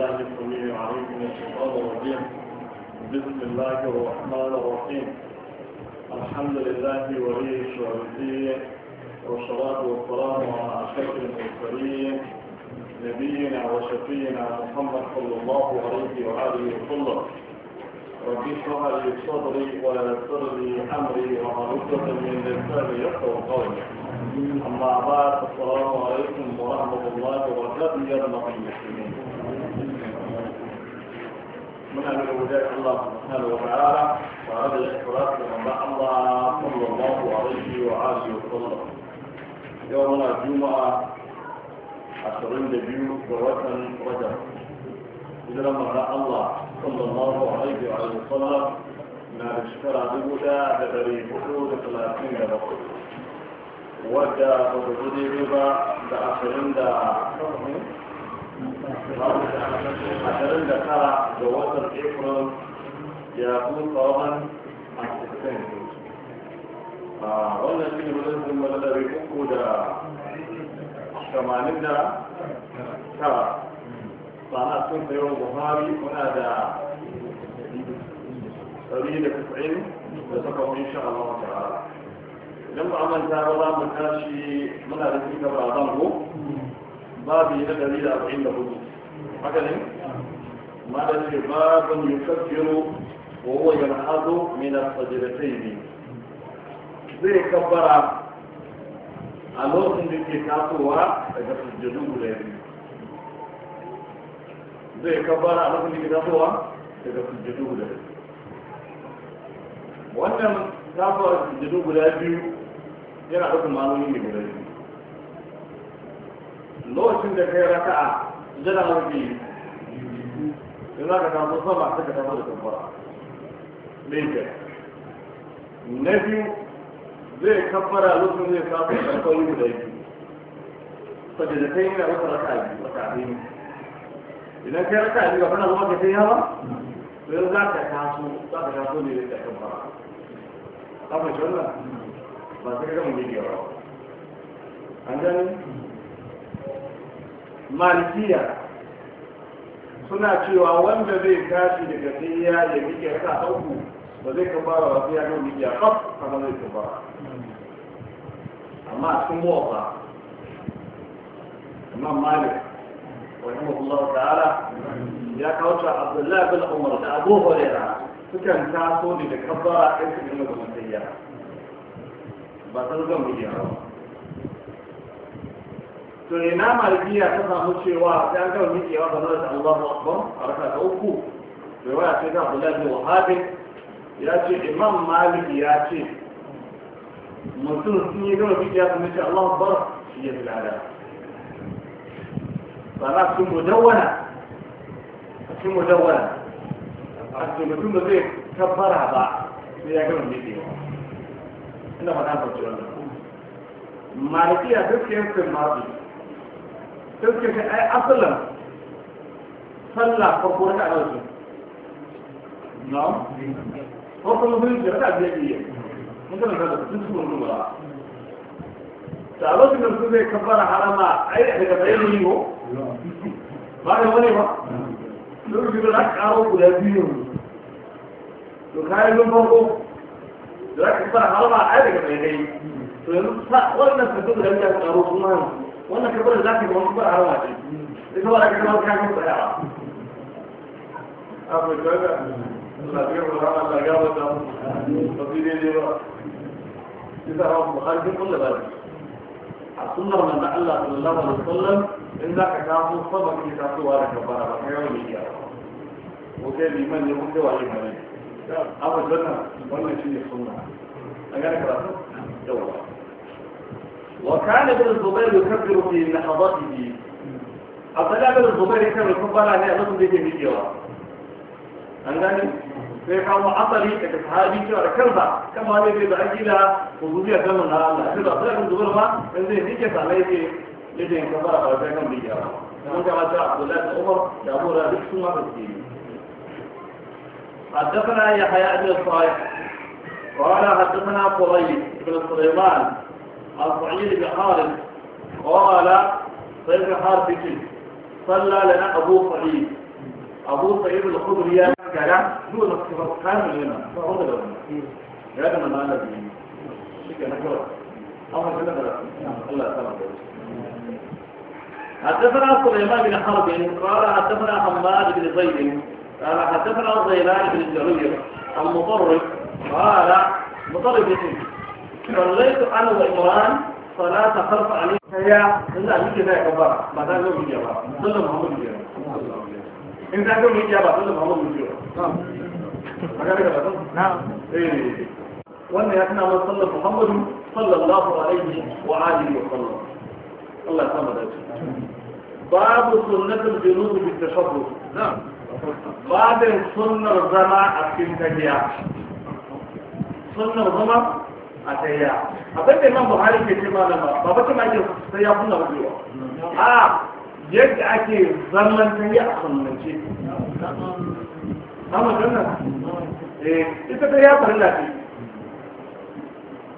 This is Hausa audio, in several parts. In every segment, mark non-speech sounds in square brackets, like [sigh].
بسم الله الرحمن الرحيم الحمد لله ولي الشهدين والصلاة والسلام على أشرف المرسلين نبينا وشفينا محمد صلى الله عليه وآله وسلم رب اشرح لي صدري ولا يسر لي أمري وعروضة من لساني يفقه قولي أما بعد السلام عليكم ورحمة الله وبركاته يا المسلمين من الوجود الله سبحانه وتعالى وهذا الإحراف من الله صلى الله عليه وآله وسلم يوم الجمعة عشرين دبيو جواتاً رجب إذا لما الله صلى الله عليه وآله وسلم من da shekara dubu da da dari hudu da talatin da bakwai ashirin da tara ga watan april ya fi tsawon asistin wannan shi ne wadansu wadadari uku da shamanin da tara sana sun sayo buhari muna da ɗari da kusa'in da suka wani sha'awa ta'ala idan ba manta ba za mu tashi muna da cikin gaba zango babu yi na ɗari da arba'in da hudu haka ne ma da ce babun yukaffiru wa huwa yanhadu min yi sajdatayn zai kabbara a lokacin da ke tasowa daga sujjadu guda biyu zai kabbara a lokacin da ke tasowa daga sujjadu guda biyu wannan tasowa sujjadu guda biyu yana ɗaukar maloli ne guda biyu lokacin da kai raka'a jana mafi da za ka samu sama ta ka dama da tambara ɗinka na biyu zai kabbara lokacin zai samu karfari guda biyu saboda da kai yana wata raka'a biyu raka'a biyu idan kai raka'a biyu kana zama ka kai hawa to za ka taso za ka taso ne da kabbara ka fahimci wannan ba sai ka gama gidiyawa an gani malikiya suna cewa wanda zai tashi daga tsayiya ya miƙe raka uku ba zai kabara ba sai ya ga miƙe a kaf amma zai kabara amma a cikin mawafa imam malik rahimahullahu ta'ala ya kawo ta abdullahi bin umar da abu hurairah sukan taso ne da kabbara ɗin su gina da matsayiya ba san zan miƙe ba to ina malikiya ta samu cewa sai an kawai miƙewa ga nasa Allahu Akbar a raka ta uku bai waya ce ta Abdullahi bin Wahab ya ce Imam Malik ya ce mutum sun yi gama miƙewa sun ce Allahu Akbar shi ya bilada sana sun mudawwana sun mudawwana a cikin mutum da zai kabbara ba sai ya gama miƙewa ina faɗa ba ce wannan malikiya duk yankin masu sai suka ce ai asalin sallah farko na kaɗa su na'am ko kuma mun da biyar biyar mun kana da sun su mun ba da lokacin da su zai kabbara harama ai daga bayan yi ko ba da wani ba lokacin da aka karo guda biyu to kayan mun farko da aka kabbara harama ai daga bayan yi to yanzu wannan sabbin da ya karo kuma wannan karbar da za yi wani harawa ce ita ba kan tsaya na fiye da rama da gaba ta daidai ba ita hawa da a Allah in za ka kawo sabon tasowa da ba kai wani iya ko liman ne ko wani abu wannan sunna gane karatu yawa وكان ابن الزبير يكبر في لحظاته أبدا ابن الزبير كان يكبر عن يأخذ في بيجيرا أنني في حال عطري كتفها بيجيرا كربا كما هذه في بعجلة وزوجية زمن هذا الله كربا أبدا ابن الزبير ما من ذي نيجة عليه لذي يكبر على ذلك بيجيرا ومن جمع جاء عبد الله الأمر حدثنا يحيى بن الصالح قال حدثنا قريب بن سليمان الصعيد بن قال طيب حارب بن صلى لنا أبو صعيد أبو صعيد الخضر يا كلام هو نفسه كامل هنا فهو لنا يا ما قال لي شكرا لك أمر كده الله سلام حدثنا سليمان بن حرب قال حدثنا حماد بن زيد قال حدثنا زيلان بن الجرير المطرب قال مطرب يسير صليت انا wannan ya tana muhammadu sallallahu alaihi wa alihi wa sallam Allah ya dace sunnar zama a cikin tahiya sunnar a tsaya abin da imam buhari ke ce nan ba ba kuma ake sai ya kunna wajewa a yadda ake zaman ta yi a sunnance amma sannan eh ita ta ya farilla ce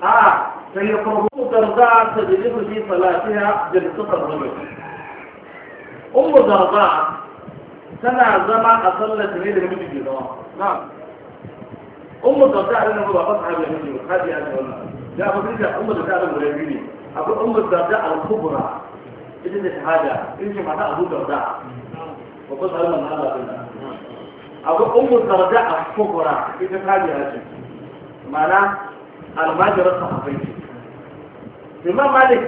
a sai ya kuma za ta jirifu fi salatiya da suka zama ummu darda tana zama a sallar ne da mutum ke zama na'am ummu dauda a ranar ba fasa abin da ba hadi an wannan da abin da ummu dauda a ranar biyu ne akwai ummu dauda al-kubra ita da shahada in ce mata abu dauda ba fasa abin da Allah bin akwai ummu dauda al-kubra ita tabi'a ce ma'ana almajirar sahabbai ce imam malik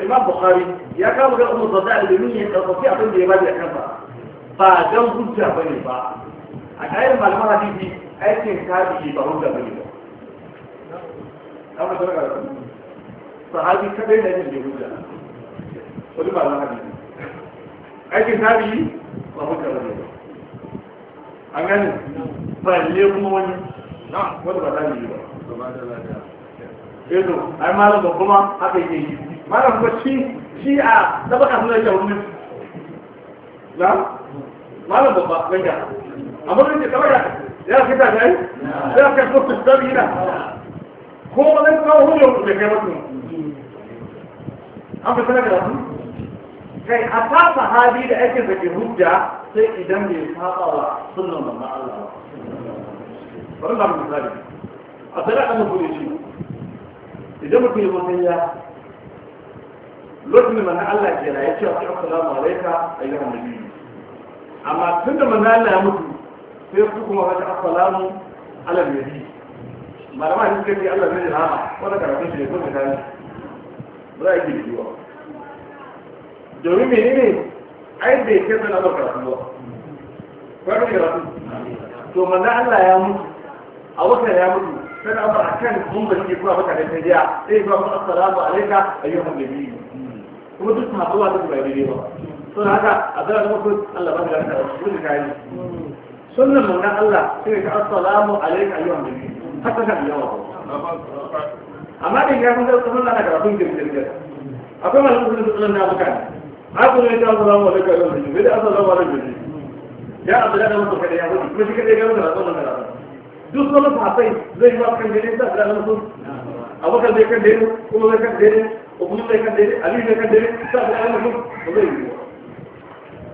imam bukhari ya kama ga ummu dauda da domin ya karfafi abin da ya bada kansa ba dan hujja bane ba a kayan malaman hadisi aikin tabi'i ba hujja bane ba sahabi kadai ne hujja wani ba na hadisi aikin ba hujja bane ba an gani balle kuma wani na wani ba ba ai malam ba kuma haka yake yi malam ba shi shi a suna yake wani na malam ganga amma ya fi ta kai ya ka so ku tabi na ko ba zan kawo hujjo da kai mutum an fi sanar da kai a ta sahabi da aikin da ke hujja sai idan bai saba wa sunnan manzo Allah bari na misali a tsara kan mutum shi idan mutum ya mutum ya lokacin mana Allah ke raye cewa assalamu alayka ayyuhan nabiy amma tunda manzo Allah ya mutu sai su kuma wata assalamu ala nabi malama ne suka Allah zai rahama wanda karatu shi ne ko ta kai ba za a yi biyu domin menene ai bai kai sana ba karatu ba kwaro ne karatu to manzo Allah ya mutu a wata ya mutu sai an fara kan kun ba shi kuma mutane sai ya sai ba mu assalamu alayka ayyuhan nabi kuma duk sabuwa da ba daidai ba to haka a zara da mutum Allah ba da karatu mun kai sunan manzon Allah sai ka assalamu alayka ayyuhan nabi haka kan yawa amma da ya kunta sunnan na karatu da jirgin akwai malamin sunnan sunnan da bukan haka ne ta assalamu alayka ayyuhan nabi bai da assalamu alayka nabi ya abdala da mutum kada ya wuce kuma shi kada ya wuce na sunnan da duk sunan sahabbai zai ba kan gare da abdala da mutum abubakar bai kan dare kuma zai kan dare kuma zai kan dare ali bai kan dare sai da mutum ba zai yi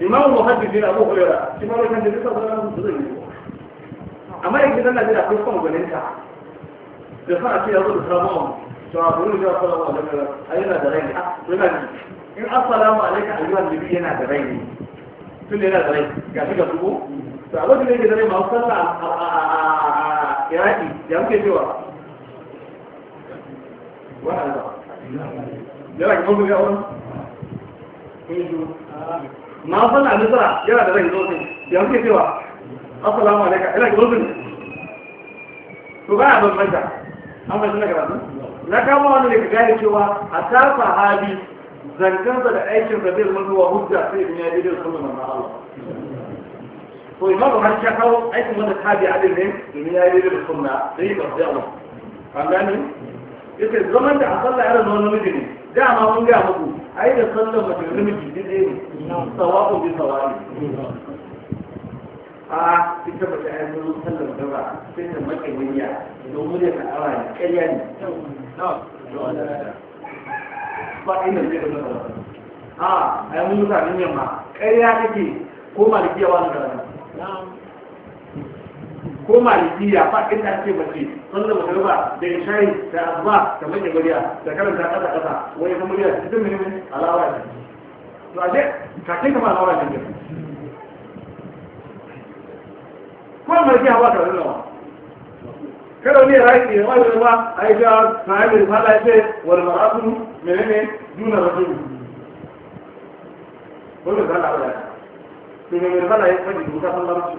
imamu muhaddisi na abu hulera shi ma lokacin da duka zuwa su zai yi amma yake nan najeriya akwai son ta da sa a ce ya da sabon abu to a gurin da salamu alaikum a yana da raini a ah, yana ji in assalamu alaikum ayyuhan nabi yana da raini tun da yana da raini ga shi ga dubu to a lokacin da yake da raini ma sallah a iraki ya muke cewa wa'ala yana ga mun ga wannan kun yi na san a nisra yana da rai zozin da yanke cewa assalamu alaikum ina ki zozin to ba a bambanta an bai suna karatu na kama wani ne ka gane cewa a ta sahabi zangansa da aikin da zai zama zuwa hujja sai in ya daidai sunan manzon Allah to imamu har ya kawo aikin wanda tabi adin ne domin ya yi daidai sunna da yi karfi Allah an gane yake zaman da a sallah irin wani namiji ne ma mun ga muku ai da sallar mace da namiji ne ne bi a mace ai sallar gaba sai ta don murya ta ne ƙarya ne ba zai da a ai mun yamma ƙarya kake ko malikiya wani da ko malikiya fa inda ake mace sallar magariba da isha'i da azba da mai gariya da karanta kasa kasa wani kuma gariya cikin mini alawa ne to a ce kakin kama alawa ne ne ko malikiya ba ta wani nawa kada wani ya rayu ya wani ruwa a yi ga sa'ayi da fada ya ce wani ma'azu menene juna rajulu wani da zana ba da ya ce to mai mai fada ya kwaji duka sallar su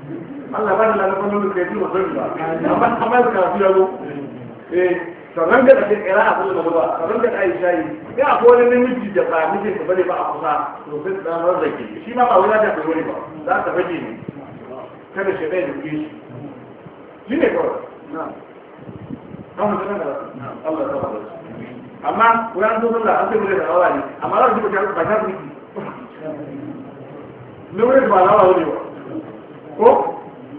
Allah ba ni na zama nuna kai zuwa zan ba amma amma da kafi ya zo eh sannan ga take kira a kullum ba sannan ga ai shayi ya akwai wani namiji da ba miji da bane ba a kusa to sai da ran zaki shi ma ba wani da bai wani ba za ka baje ne kada shi bai dubi shi shi ne kawai na'am amma sanan da Allah ta bada amma kuran zo da an sai mu da awali amma za ku ba ta ku ne ne ba lawa ne ba ko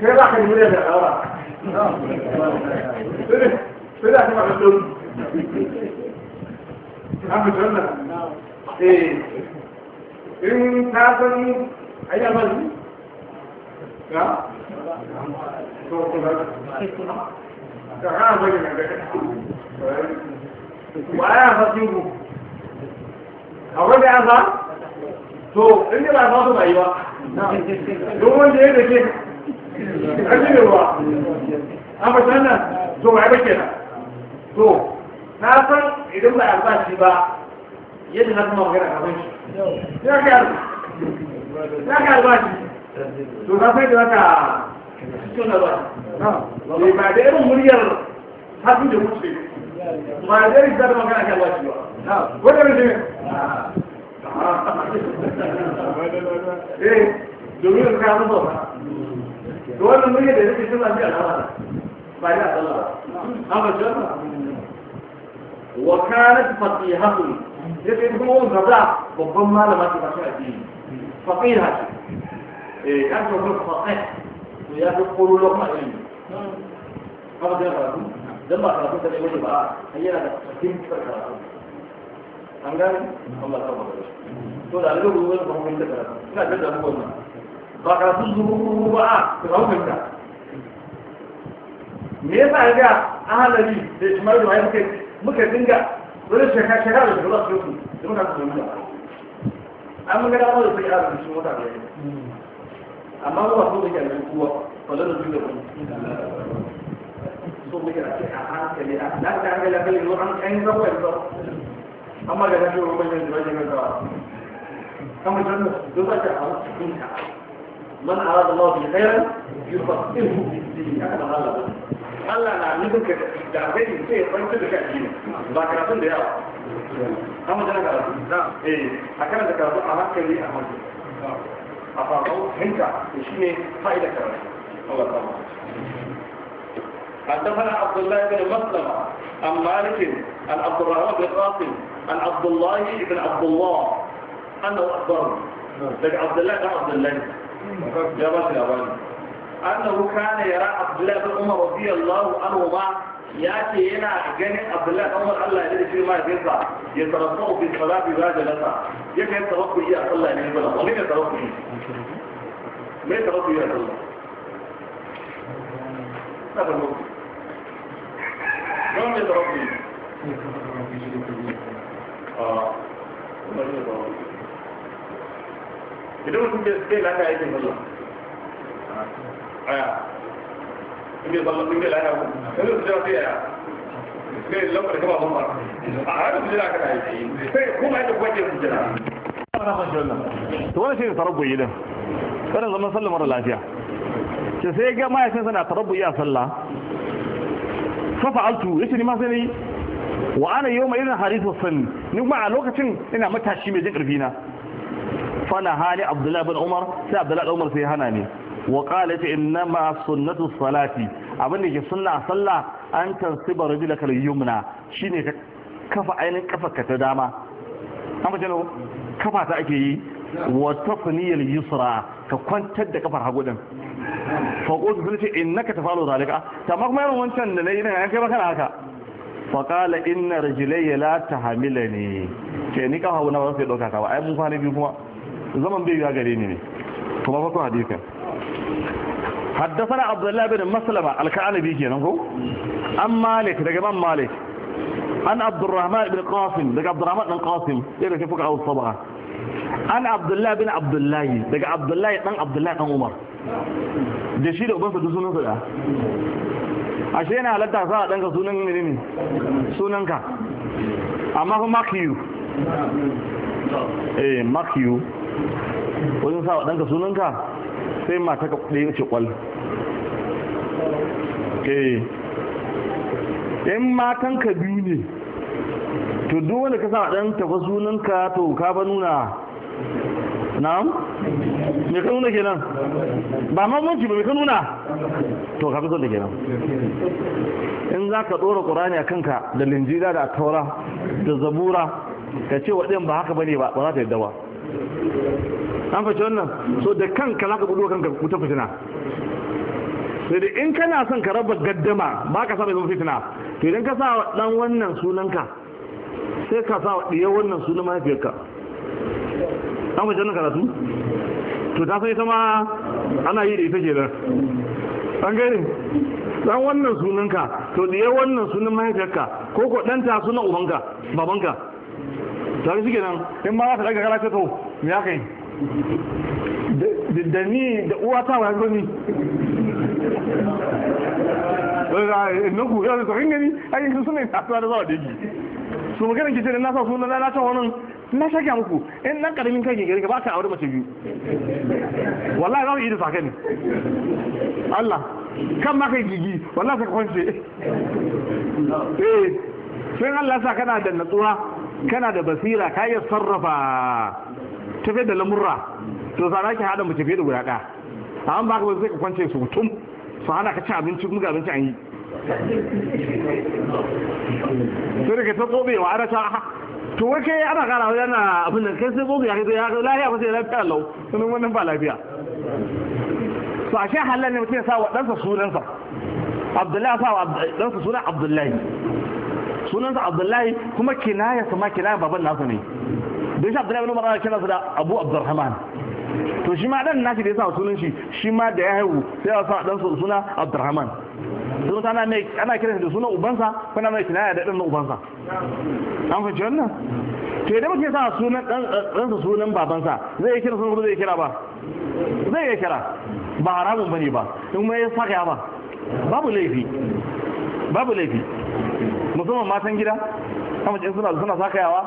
kai ba ka nuna da ƙara sai da kuma ɗan ɗauri an fi nan eh in ta san ayyar mazi ga ka hana bari na gari wa ya fasin ku a wanda ya sa to inda ba sa su ba yi ba don wanda ya da ke an ji ruwa an ba sannan to ba ba kenan to na san idan ba albashi ba yadda na kuma magana kamar shi ya ka ya ka albashi to na san da wata cikin albashi eh, ba da irin muryar hasu da mutu ba da irin zata magana kan albashi ba wadda ne ah. [laughs] eh domin ka mutu ba to wannan muke da yake cewa a al'amara ba ni Allah amma jama'a wa kanat faqihatu yake kuma wannan gaza babban malama ce ba shi addini faqiha ce eh kan ko faqih to ya ko koro lokacin ilimi amma jama'a dan ba karatu da ne ba ayyana da cikin karatu an gane Allah ta bada to da alƙawarin wannan ba mun da karatu ina da mu wannan ba karatu zuru ba a su kawo me yasa ga ahalari da ismail da ya muka dinga wani shekara shekara da shugaba su da muka su yanku an mun ga damar da suke ahalari su mota da yanku amma ba su da yanzu kuwa ba zan da su da wani so muke da ke a hankali a da ta hankali a kalli an kan yi zama yanzu amma da na shi wa wajen da wajen gazawa kamar jannu duk wata a wasu man arada Allah bi khairan yufaqihu fi din haka man Allah Allah na nufin ka da alheri sai ya fahimta da ka addini ba karatun da yawa amma da karatu eh a kan da karatu a hankali a hankali a farko hinka shine fa'ida karatu Allah ta'ala حدثنا عبد الله بن مسلمة عن مالك عن عبد الرحمن بن قاسم عن عبد الله بن عبد الله أنه أخبره لك عبد الله بن عبد الله جبت لبن أنه كان يرى عبد الله بن عمر رضي الله عنهما ياتي هنا جن عبد الله بن عمر الله يجري في ما يزرع يتربع في الصلاة بعد لسا يك يتربع يا صلى الله عليه وسلم ومين يتربع ما يتربع يا صلى الله ما يتربع ما يتربع آه ما يتربع idan mutum bai sai lafiya aikin sallah aya in bai sallah in bai lafiya ko sai su jira sai ya sai lamar kama mun ba a haka su jira ka da yi sai kuma yadda kwaje su jira to wani shi ne tarabbuyi din karin zaman sallah mara lafiya ce sai ga mahaifinsa na tarabbuyi a sallah fafa altu ce ni ma sai ne wa ana yau mai irin harisu sani ni kuma a lokacin ina matashi mai jin ƙarfi na fana hali abdullahi bin umar sai abdullahi bin umar sai hana ne wa qala ta innama sunnatu salati abin da ke sunna sallah an tansiba rajulaka al-yumna shine ka kafa ainin kafa ka ta dama an ba jalo ake yi wa tafniyal yusra ka kwantar da kafar hagu din fa qultu sun ce innaka tafalu zalika tamma kuma yaron wancan da nayi nan kai ba kana haka fa qala inna rajlayya la tahmilani ce ni kafa hagu na ba sai dauka ka ba ai mun kwana biyu kuma zaman bai ga gare ni ne kuma fa kuma dika haddathana abdullah bin maslama al-kanabi kenan ko an malik daga man malik an abdurrahman bin qasim daga abdurrahman bin qasim yana ce ka aus sabah an abdullah bin abdullah daga abdullah dan abdullah dan umar da shi da ban fa sunan sa a shi yana halatta sa dan ka sunan ne ne sunan ka amma kuma kiyu eh makiyu wajen sa wa ɗanka sunanka sai mata ka ɗaya ce ƙwal eh. in matan ka biyu ne to duk wanda ka sa ɗan tafa sunanka to ka ba nuna na'am me ka nuna kenan ba mamanci ba me ka nuna to ka fi son da kenan in za ka ɗora ƙorani a kanka da linjira da taura da zabura ka ce waɗin ba haka ba ne ba ba za ta yi dawa an fashe wannan so da kanka za ka wa kanka wuta fitina sai da in kana son ka raba gaddama ba ka sa zama fitina to idan ka sa wa ɗan wannan sunanka sai ka sa wa ɗiyar wannan sunan mahaifiyarka an fashe wannan karatu to ta sai ta ma ana yi da ita ke nan an gani ɗan wannan sunanka to ɗiyar wannan sunan mahaifiyarka ko ko ɗanta sunan ubanka babanka tare suke nan in ma za ta daga kala to me aka yi da ni da uwa ta wa gani eh, na ku yau da gani ai su suna tasuwa da zawa da yake su maganin kice da nasa sunan na ta wannan na shaka muku in nan karamin kai gari ba ka aure mace biyu wallahi za mu yi da saka ne Allah kan ma kai gigi wallahi ka kwance eh sai Allah sa kana da natsuwa kana da basira ka iya sarrafa tafiye da lamurra to sana ki hada mace tafiye da guda ɗaya amma ba ka zai ka kwance su tum su hana ka ci abinci kuma ga abinci an yi to da ka ta wa ana ta to wai kai ana kara yana abin da kai sai tsobewa kai ya ga lafiya ba sai lafiya lau sunan wannan ba lafiya to a shi halal ne mutum ya sa wa ɗansa sunansa abdullahi sa wa ɗansa sunan abdullahi sunansa abdullahi kuma kinaya sama kinaya baban nasu ne don shi abdullahi ibn umar ana da abu abdurrahman to shi ma dan nashi da sa sunan shi shi ma da ya haihu sai ya sa dan suna abdurrahman sun ana mai ana kiransa da sunan ubansa kuma mai kinaya da dan ubansa an fahimci wannan to idan mutum ya sa sunan ɗansa sunan babansa zai yi kira sunan ko zai kira ba zai yi kira ba haramun bane ba in ma ya saka ba babu laifi babu laifi musamman matan gida kama cikin suna suna sakayawa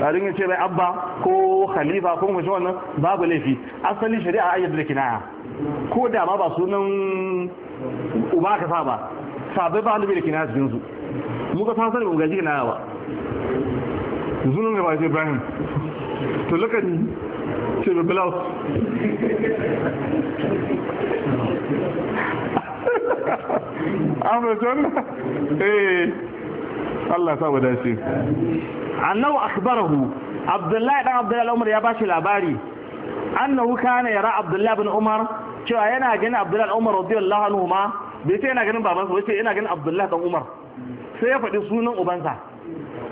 tarin ya ce mai abba ko khalifa ko mashi wannan babu laifi asali shari'a ayyar da kinaya ko da ma ba sunan uba ka sa ba sabai ba halibai da kinaya cikin su mu ka san sani ba gaji kinaya ba zunan da ba ce ibrahim to lokaci ce mai bilaus Amma rajon eh Allah ya sa mu dace annahu akhbarahu abdullahi dan abdullahi umar ya bashi labari annahu kana yara abdullahi bin umar cewa yana ganin abdullahi umar radiyallahu anhu ma bai sai yana ganin babansa bai sai yana ganin abdullahi dan umar sai ya faɗi sunan ubansa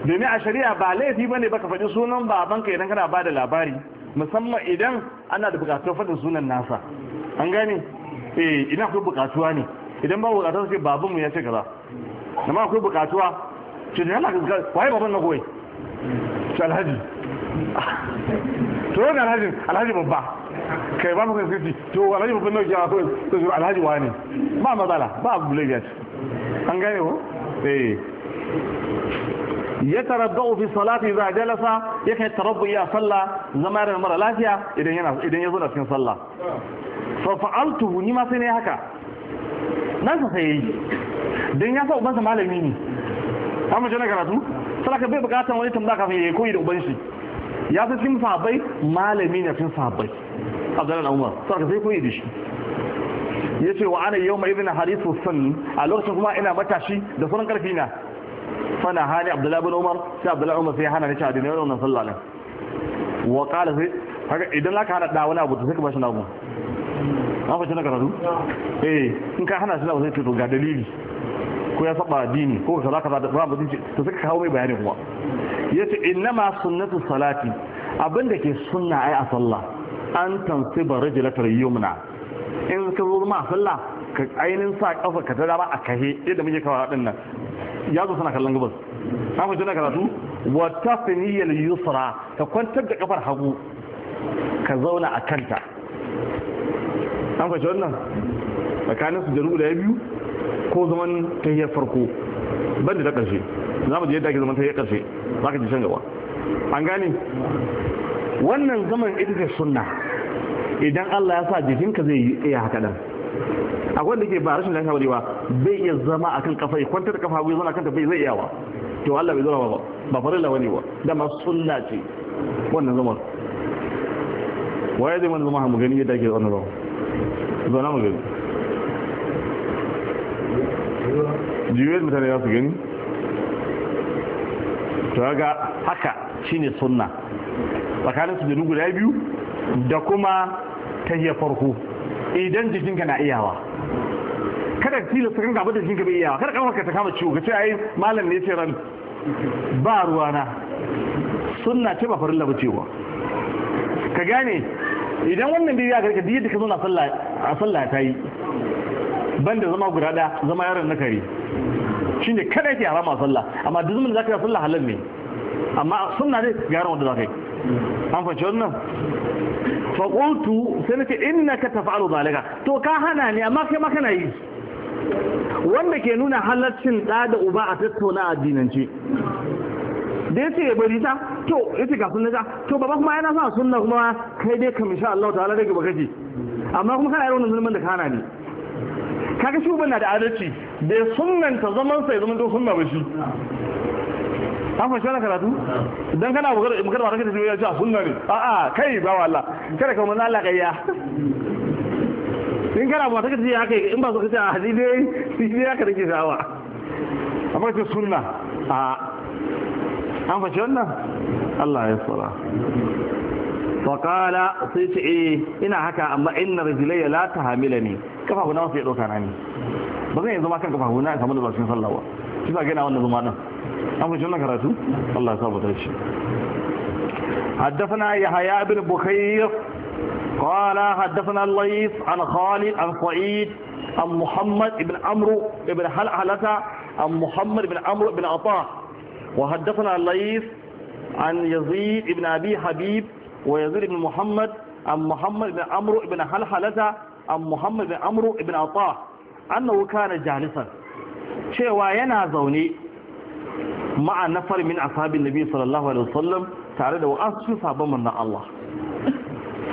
domin a shari'a ba laifi bane baka faɗi sunan babanka idan kana bada labari musamman idan ana da bukatuwar faɗin sunan nasa an gane eh idan akwai bukatuwa ne idan ba bukatuwa sai babanmu ya ce kaza amma akwai bukatuwa ce da yana gaskiya waye baban na goyi alhaji to yana alhaji alhaji babba kai ba mu gaskiya to alhaji babban na goyi ko to zuru alhaji wani ba matsala ba abu lafiya ce an gane ko eh ya tarabba'u fi salati idza jalasa yake tarabbu ya sallah zama yana mara lafiya idan ya zo da cikin sallah fa fa'altuhu ni ma sai ne haka nan sa sai yi dan ya sa uban ubansa malami ne an mace na karatu salaka bai bukatan wani tambaya kafin ya koyi da uban ya fi cikin sahabbai malami ne cikin sahabbai abdullahi umar salaka sai koyi da shi ya ce wa ana yau mai izina harisu sun a lokacin kuma ina matashi da sauran karfi na fana hani abdullahi bin umar sai abdullahi umar sai hana ni cewa da yau nan sallah nan wa qala sai idan zaka hana da wani abu to sai ka bashi nago an fice na karatu eh in ka hana shi na sai to ga dalili ko ya saba dini ko kaza kaza da babu dini to sai ka hawo mai bayani kuma yace innama sunnatu salati abinda ke sunna ai a sallah an tansiba rijlatal yumna in ka zo ma sallah ka ainin sa kafa ka ta ba a kahe yadda muke kawo din nan ya zo suna kallon gabas na fahimci na karatu wa tafiniyal yusra ka kwantar da kafar hagu ka zauna a kanta an fahimci wannan tsakanin su jaru da ya biyu ko zaman tahiyar farko banda ta ƙarshe za mu je yadda ake zaman tahiyar ƙarshe za ka ji can gaba an gane wannan zaman ita ce sunna idan Allah ya sa jikinka zai yi iya haka dan akwai da ke ba rashin lafiya bane ba bai iya zama akan kafa ya kwantar da kafa bai zama akan ta bai zai iya wa to Allah bai zama ba ba lawa ne ba dama sunna ce wannan zaman waye zai mana zama mu gani yadda ake wannan zaman zauna mu gani juyoyin mutane ya su gani to ga haka shine sunna tsakanin su da guda biyu da kuma ta tahiyar farko idan jikinka na iyawa kada ka tilasta kanka abin da jikinka bai iyawa kada kanka ta kama ciwo ka ce ai malam ne ce ran ba ruwana sunna ce ba farilla ba ce ka gane idan wannan bai ya garka da yadda ka zo na sallah a sallah ta yi banda zama guda daya zama yaron na kare shine kada yake harama sallah amma duk zaman da zaka sallah halal ne amma sunna ne ga yaron wanda zaka yi an fahimci wannan fa qultu sai nake innaka taf'alu zalika to ka hana ne amma kai ma kana yi wanda ke nuna halaccin da da uba a tattauna addinance da ya ya bari ta to ya ga sunna ta to baba kuma yana sa sunna kuma kai dai kam insha Allah ta'ala dai gaba kake amma kuma kana yaron wannan zulmin da kana ne kaga shi na da adalci bai sunnanta zaman sai zaman to sunna ba shi an fashe wani karatu don kana bukar ba rakata zuwa a sunna ne a'a kai ba wala kada ka manzo Allah kayya in kana ba takata ya kai in ba so kace a hadisi shi ne ka dake sawa amma ce sunna a an fashe wannan Allah ya tsara faƙala sai ce eh, ina haka amma inna rajulai la ta hamila ne kafafu na wasu ya ɗauka na ne ba zan zama kan kafafu na samu da zafin sallah ba shi ba gina wannan zuma nan an fi wannan karatu Allah ya sabu shi حدثنا يحيى بن بخير قال حدثنا الليث عن خالد عن صعيد عن محمد بن عمرو بن حلحلة عن Ibn بن عمرو بن عطاء وحدثنا الليث عن يزيد بن أبي حبيب ويزيد بن محمد عن محمد بن عمرو بن حلحلة عن محمد بن عمرو بن عطاء أنه كان جالسا شيوا ينا زوني مع نفر من أصحاب النبي صلى الله عليه وسلم تعرض وأسفل صحابة من الله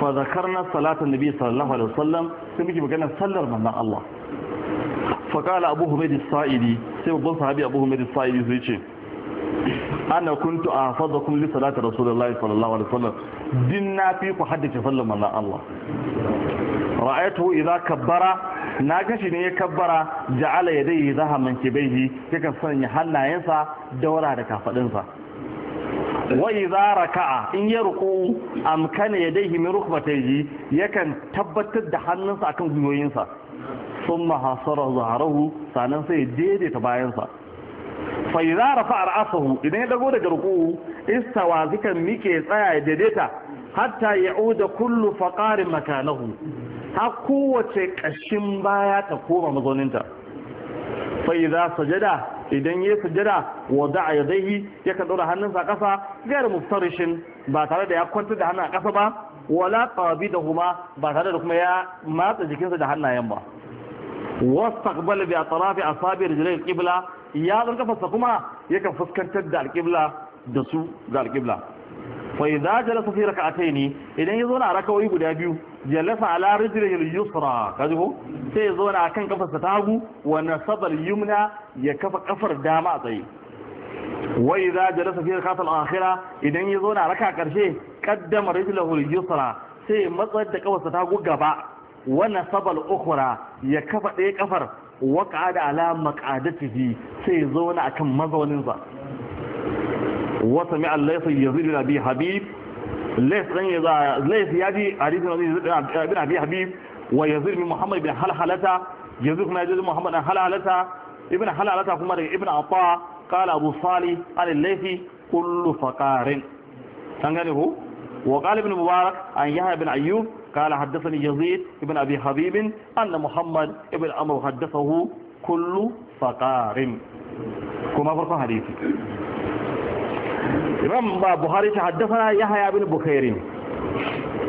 فذكرنا صلاة النبي صلى الله عليه وسلم سمجي بقنا سلر من الله فقال أبو هميد السائدي سيبقى صحابي أبو هميد السائدي زيشي ana kuntu a hafazakum rasu da lai sallallahu alaihi sallam din na fi ku haddace sallam Allah Allah ra'aytu idza kabbara na gashi ne ya kabbara ja'ala yadayhi zahaman kibaihi yakan sanya hannayensa daura da kafadinsa wa idza raka'a in ya ruku amkana yadayhi min rukbatayhi yakan tabbatar da hannunsa akan gwiwoyinsa Sun hasara zaharahu sanan sai daidaita bayansa fa idza rafa'a idan ya dago daga ista istawa zikan mike tsaya ya daidaita hatta ya'uda kullu faqarin makanahu har kowace kashin baya ta koma mazauninta Faiza idza sajada idan ya sujada wada'a yadayhi yakan dora hannunsa kasa gairu muftarishin ba tare da ya kwantar da hannun a kasa ba wala huma ba tare da kuma ya matsa jikinsa da hannayen ba wastaqbala bi a asabi rijlai qibla yatsun kafarsa kuma yakan fuskantar da alƙibla da su ga alƙibla fa idza jalasa fi ne idan ya zauna a rakawai guda biyu jalasa ala rijlihi yusra ji ko sai ya zauna akan kafarsa ta hagu wa nasaba yumna ya kafa kafar dama a tsaye wa idza jalasa fi rak'atil akhirah idan ya zauna a raka karshe qaddama rijlihi yusra sai ya matsayar da kafarsa ta hagu gaba wa sabal al-ukhra ya kafa ɗaya kafar wa qada ala maqadatihi sai ya zauna akan mazauninsa. sa wa sami al-layth yazid bin abi habib layth dan yaza layth yaji hadith nabi bin abi habib wa yazid bin muhammad bin halhalata yazid kuma yazid muhammad bin halhalata ibn halhalata kuma daga ibn atta qala abu salih al-layth kullu faqarin an gane ko wa qala ibn mubarak an yahya bin ayyub قال حدثني يزيد ابن أبي حبيب أن محمد ابن عمرو حدثه كل فقار كما فرق حديثي رمى بخاري حدثنا يحيى بن بخير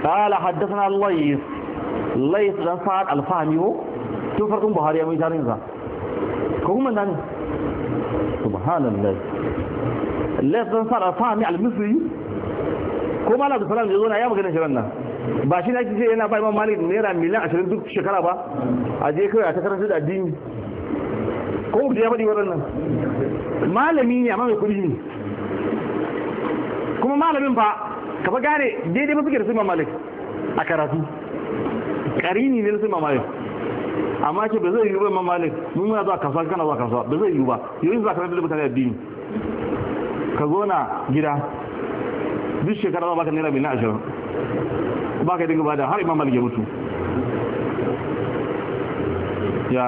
قال حدثنا الليث الليث بن سعد الفهمي شوف فرق بخاري من جارين كم من سبحان الله الليث بن سعد الفهمي المصري كما لا تفعل يقولون أيام غير شرنا ba shi na ake ce yana faimar malik naira miliyan ashirin duk shekara ba a je kawai a ta karanta da addini ko mutum ya faɗi waɗannan malami ne amma mai kuɗi ne kuma malamin fa ka fa gane daidai mafi da su malik a karatu karini ne na su malik amma ce ba zai yi ba imam malik mun muna zuwa kasuwa kana zuwa kasuwa ba zai yi ba yau zuwa karanta da mutane addini ka zo na gida duk shekara ba ka naira miliyan ashirin ba ka dinga ba da har imam malik ya mutu ya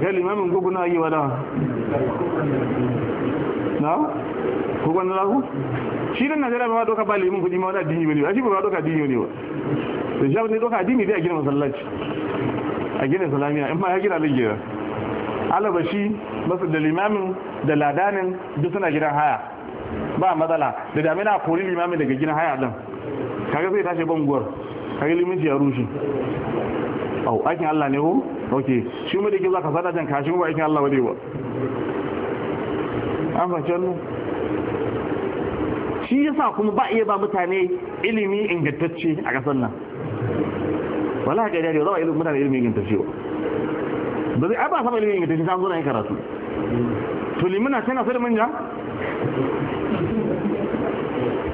kai limamin guguna yi wada na gugun na lagu shi nan najeriya ba doka ba limin kudi ma wani addini ba ne ba shi ba doka addini ne ba da shi ne doka addini dai a gina masallaci a gina salamiya in ma ya gina lagira alaba shi masu da limamin da ladanin duk suna gidan haya ba matsala da damina kori limamin daga gidan haya din kaga zai tashi banguwar kaga liminci ya rushe au aikin Allah ne ko ok shi mu da ke zaka sada jan kashin ba aikin Allah ba ba an fahimci wannan shi yasa kuma ba iya ba mutane ilimi ingantacce a kasar nan wala ga dare zawa ilimin mutane ilimi ingantacce ba ba zai ba sama ilimi ingantacce ta zo na yi karatu to limina tana sai da manja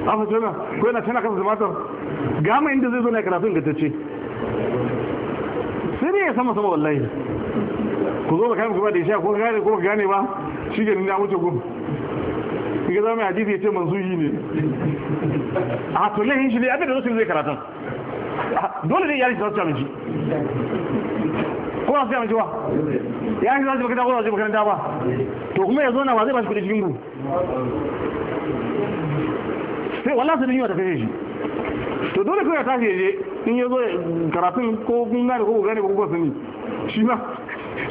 an fashe na ko yana tana kasa tumatar gama inda zai zo na karatu ce. sai ne ya sama sama wallahi ku zo da kayan kuma da isha ko gane ko gane ba shi ke nuna wuce gum ga zama hadisi ya ce manzuhi ne a to lahin shi ne abin da zo zai karatun dole ne ya iyali su aminci ko su aminci ba ya yi zaji makaranta ko zaji makaranta ba to kuma ya zo na ba zai ba shi kudi cikin gu sai eh, wallahi sai yi wa tafiye shi to dole ko ya tafi je in yazo karatun ko kun gane ko gane ko kuma sani shi ma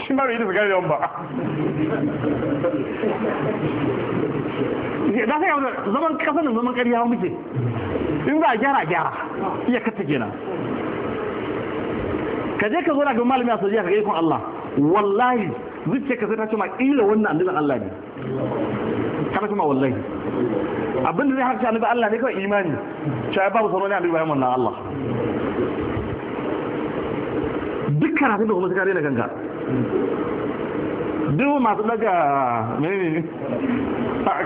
shi ma bai yi da gane yawan ba da sai yau zaman kasan nan zaman ƙarya muke in za a gyara gyara iya katta kenan ka je ka zo da ga malami a sojiya ka ga Allah wallahi zuciya ka sai ta ce ma ƙila wannan annabin Allah ne kana kuma wallahi abinda zai haka harka ba Allah ne kawai imani cewa babu sauran annabi bayan wannan Allah duk karatu da kuma suka rena ganga duk masu daga menene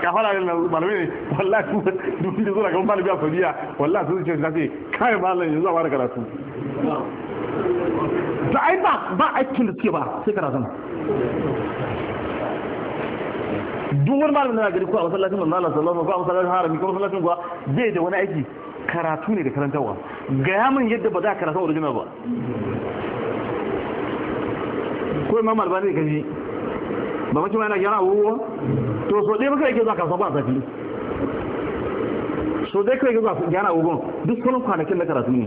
kafara ne na malami ne wallahi duk da zuwa kan malami a fadiya wallahi sun ce zafi kai malam yanzu a fara karatu da ai ba ba aikin da suke ba sai karatu duk wani malamin na gari ko a masallacin manzo Allah sallallahu alaihi wasallam ko a masallacin harami ko masallacin gwa bai da wani aiki karatu ne da karantawa gaya min yadda ba za ka karatu original ba ko imam albani da kashi ba mace ma yana gyara abubuwa to so dai maka yake za ka saba a so dai kawai ga gyara abubuwan duk sauran kwanakin na karatu ne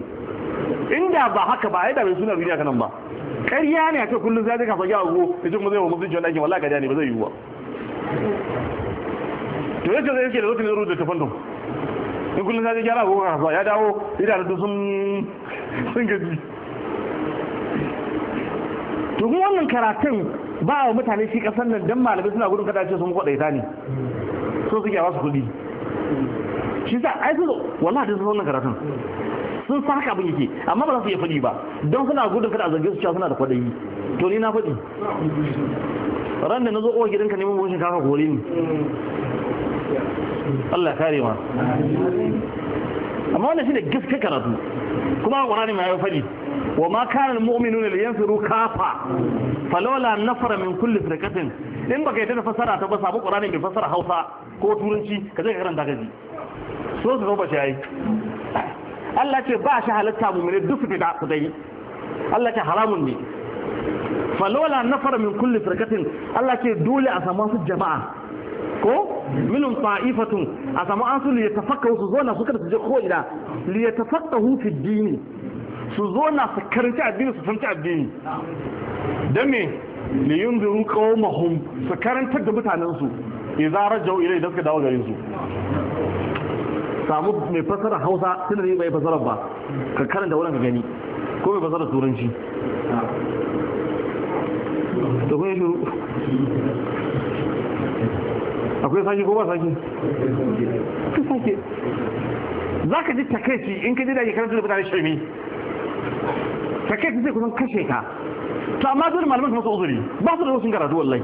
inda ba haka ba a yi da bai suna duniya kanan ba ƙarya ne a kai kullum zai ka kasuwa gyara abubuwa ya ce kuma zai wa musulunci wani aikin wallahi ka ne ba zai yi wa to yake zai yake da lokacin ruru da tafandum in kullum sai gyara ko kasuwa ya dawo da sun sun gaji to kuma wannan karatun ba wa mutane shi kasar nan dan malamai suna gudun kada ce sun kwadaita ne so suke wasu kudi shi sa ai wani wallahi sun wannan karatun sun san haka abin yake amma ba za su iya faɗi ba don suna gudun kada a zargin su cewa suna da kwadayi to ni na faɗi ran da na zo kowa gidanka neman bushin kafa kore ni Allah kare ma amma wannan shine gaske karatu kuma Qur'ani ma mai fadi wa ma kana almu'minuna liyanfiru kafa na nafara min kulli firqatin in baka yi ta fasara ta ba sabu Qur'ani bai fasara Hausa ko Turanci ka je ka karanta gaji so su ba shi yi. Allah ce ba shi halatta mu ne duk su fita su dai Allah ce haramun ne falola fara min kulle firkatin Allah ke dole a samu wasu jama'a ko minum ta'ifatun a samu an su liya tafakkahu su zona su kada su je ko'ina, ina liya tafakkahu fi dini su zona su karanci addini su fanci addini dan me li yunziru qaumahum su karanta da mutanen su idza rajau ilai da suka dawo garin su samu mai fasara Hausa tunda ne bai fasara ba ka karanta wurin ka gani ko mai fasara turanci to kun shuru akwai ko ba sake akwai sake za ka ji takaici in ka ji da ke karanta da mutane shirme takaici zai kusan kashe ka to amma dole malaman su uzuri ba su da wasu karatu wallahi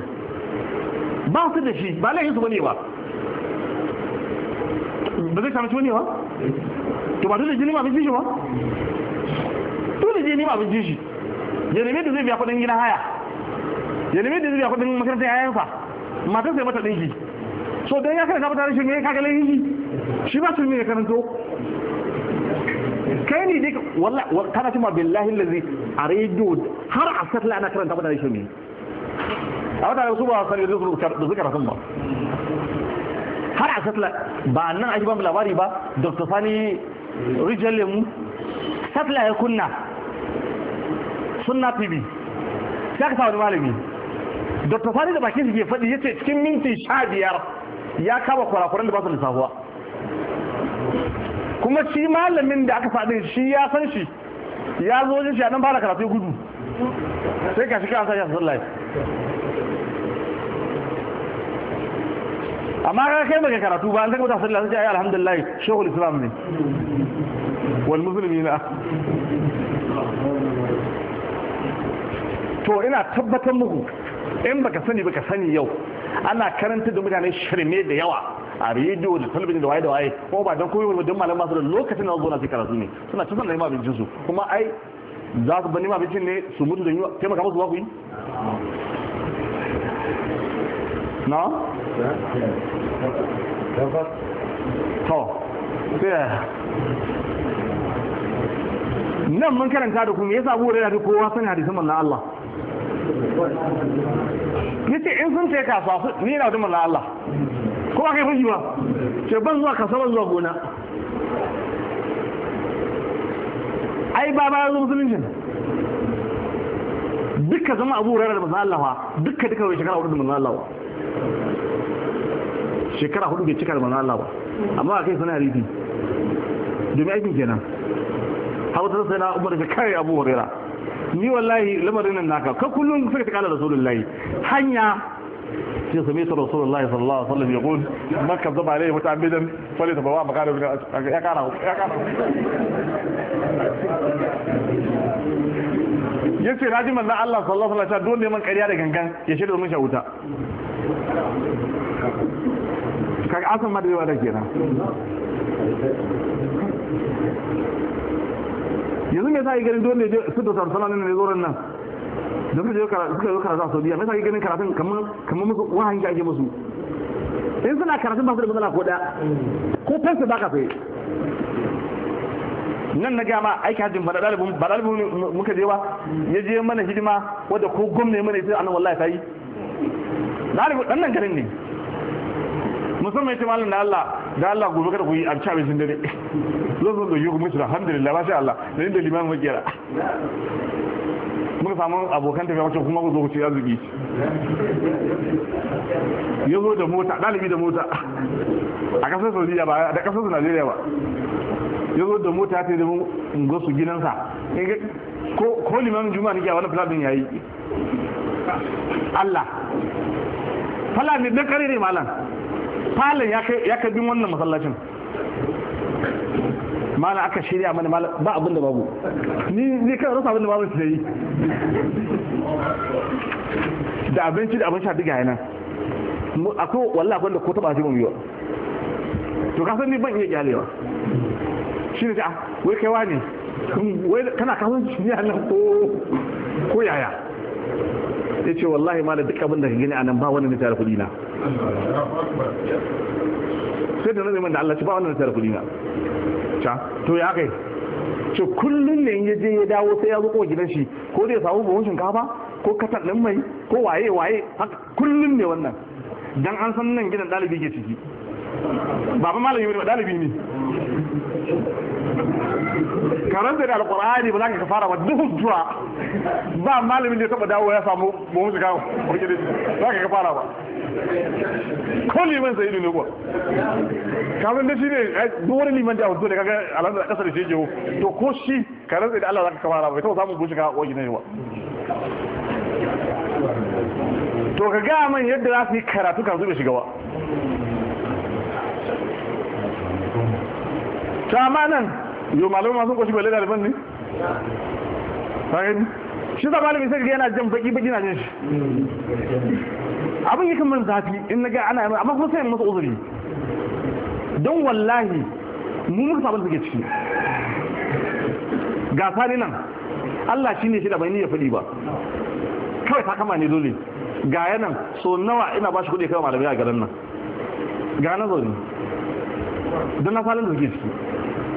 ba su da shi ba laifin su bane ba ba zai samu shi ba to ba dole jini ma abin shi ba dole jini ma abin shi jini da zai biya kudin gidan haya ya nemi da zuwa kudin makarantar yayansa matar sai mata ɗinki so don ya karanta mata rashin ne kaga laifi shi ba su ne ya karanto kai ne dai wallahi kana cewa billahi allazi a rediyo har a satla ana karanta mata rashin ne a wata su ba sani da su karatun ba har a satla ba nan aji ba mu labari ba dr sani Rijalemu, lemu satla ya kunna sunna tv sai ka sa wani malami dr fari da bakin shi ke faɗi ya ce cikin minti sha biyar ya kama kurakuran da ba su lissafuwa kuma shi malamin da aka faɗi shi ya san shi ya zo wajen shi a nan fara karatu gudu sai ka shi kan sa ya sallah amma ka kai maka karatu ba an zaka mata sallah sai ayi alhamdulillah shehu islam ne wal muslimina to ina tabbatar muku in baka sani baka sani yau ana karanta da mutane shirme da yawa a rediyo da talabijin da waye da waye kuma ba don koyo ba don malam masu da lokacin da zuwa su karatu ne suna cikin da neman abincin su kuma ai za su ba neman abincin ne su mutu da yi taimaka musu ba ku yi na? to nan mun karanta da kuma yasa abu da kowa sani hadisin manzon Allah yace ce in sun ka fafu ni na wadin Allah ko kai yi fashi ba ce ban zuwa ban zuwa gona ai ba ba zuwa musulunci duka zama abu rana da manzan Allah ba duka duka wai shekara hudu da manzan Allah ba shekara hudu bai cika da manzan Allah ba amma a kai suna rifi domin aikin kenan ta sai na umar da kare abu hurera ni wallahi lamarin nan naka ka kullun suka tsaka kala rasulullahi hanya sai sami ta rasulullahi sallallahu alaihi wasallam ya gun makka zaba alaihi muta'ammidan fali ta bawa makana ya kana ya kana yace na manzo Allah sallallahu alaihi wasallam don neman kariya da gangan ya shirya mun shawuta kaga asan madrewa da kenan yanzu me yasa yi ganin dole ne su da sarsalan ne zoron nan da suka je suka zo karatu a Saudiya me yasa yi ganin karatun kamar kamar musu wahayi ake musu in suna karatun ba su da matsala ko da ko fensa ba ka sai nan na gama aiki hajjin ba dalibin ba dalibin muka je ba ya je mana hidima wadda ko gwamna ya mana ita annan wallahi ta yi dalibin ɗan nan garin ne musamman ita malam da Allah da Allah gobe kada ku yi abinci abincin dare zan zo doki kuma shira alhamdulillah masha Allah da inda limamin makera muka samu abokan tafiya wacce kuma ku zo ku ci arziki ya zo da mota ɗalibi da mota a ƙasar saudiya ba da ƙasar najeriya ba ya zo da mota ta yi zama su gidansa ko liman juma nake a wani ya yi Allah fala ne na kare ne malam falon ya kai bin wannan masallacin mana aka shirya mana mala ba abinda babu ni ne kan rasa abinda babu da yi da abinci da abin sha duka yana akwai wallahi akwai da ko taba shi mun yi to kasan ni ban iya kyalewa shi ne ta ah, wai kai wani [laughs] kana kasan shi ne ko yaya ya ce wallahi ma da duk abin da ka gani a nan ba wani na tare kuɗi na sai da nazarin da Allah ci ba wani na tare kuɗi na ta to ya kai ce kullum ne in ya je ya dawo sai ya zo kowa gidan shi ko zai samu buhun shinkafa ko katan ɗin mai ko waye waye haka kullum ne wannan dan an san nan gidan ɗalibi ke ciki baba malami malami ba ɗalibi ne karanta da alkur'ani ba za ka fara ba duk zuwa ba malamin da ya taba dawo ya samu ba mu shiga kurki za ka fara ba ko liman sai ne ko kafin da ne duk wani liman da wato da kaga alhamdu da kasar shi jewo to ko shi karanta da Allah za ka fara ba to mu ku shiga wajen ne ba to ka ga man yadda za su yi karatu kan zuba shiga ba ta nan Yo malamai masu kwashi balle ɗaliban ne fahim shi sa malami sai yana jan baki baki na jin shi abin yakan min zafi in na ga ana yi amma kuma sai masa uzuri don wallahi mu muka sabon suke ciki gasa Sani nan Allah shi ne shi da bai niyya faɗi ba kawai ta kama ne dole ga yanan so nawa ina ba shi kuɗi kawai malamai a garin nan ga na zaune don na salin da suke ciki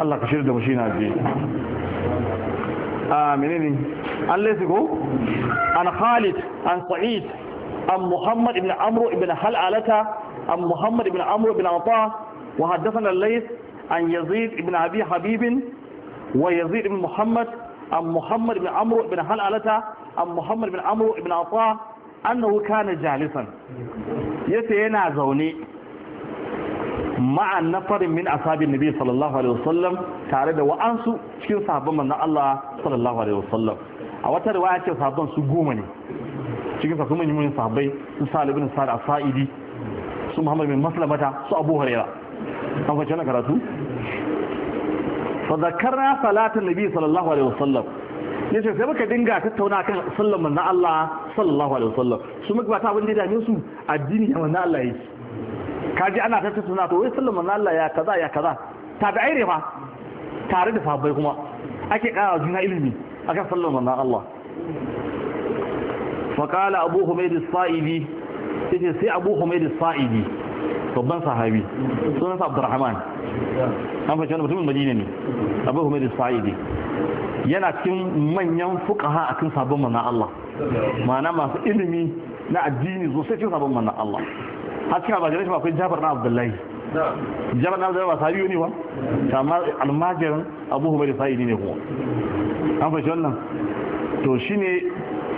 Allah ka shirya da mu shi na je a ah, menene an laisi ko an Khalid an Sa'id an Muhammad ibn Amr ibn Hal'alata an Muhammad ibn Amr ibn Atha wa haddathana Lays an Yazid ibn Abi Habib wa Yazid ibn Muhammad an Muhammad ibn Amr ibn Hal'alata an Muhammad ibn Amr ibn Atha annahu kana jalisan yace yana zaune ma'a nafarin min ashabin nabi sallallahu alaihi wasallam tare da wa'ansu cikin sahabban manzon Allah sallallahu alaihi wasallam a wata riwaya ce sahabban su goma ne cikin sa kuma manyan sahabbai su Salih bin Sa'd saidi su Muhammad bin Maslamata su Abu Hurairah kan kwace na karatu fa zakarna salatin nabi sallallahu alaihi wasallam ya ce sai muka dinga tattauna kan sallar manzon Allah sallallahu alaihi wasallam su muka ba ta abin da ya dame su addini da manzon Allah yake kaji ana ta tattauna to wai sallan manzo Allah ya kaza ya kaza tabi'ai ne fa tare da sahabbai kuma ake kara juna ilimi akan sallama na Allah fa qala abu humayd as-sa'idi yace sai abu humayd as-sa'idi babban sahabi sunan sa Abdurrahman an fa cewa mutumin Madina ne abu humayd as-sa'idi yana cikin manyan fuqaha akan sabon manzo Allah ma'ana masu ilimi na addini zo sai cikin sabon manzo Allah haske ba gare shi akwai jabar na abdullahi jabar na abdullahi ba sabiyo ne ba amma almajirin abu mai sa'idi ne kuma an fashe wannan to shi ne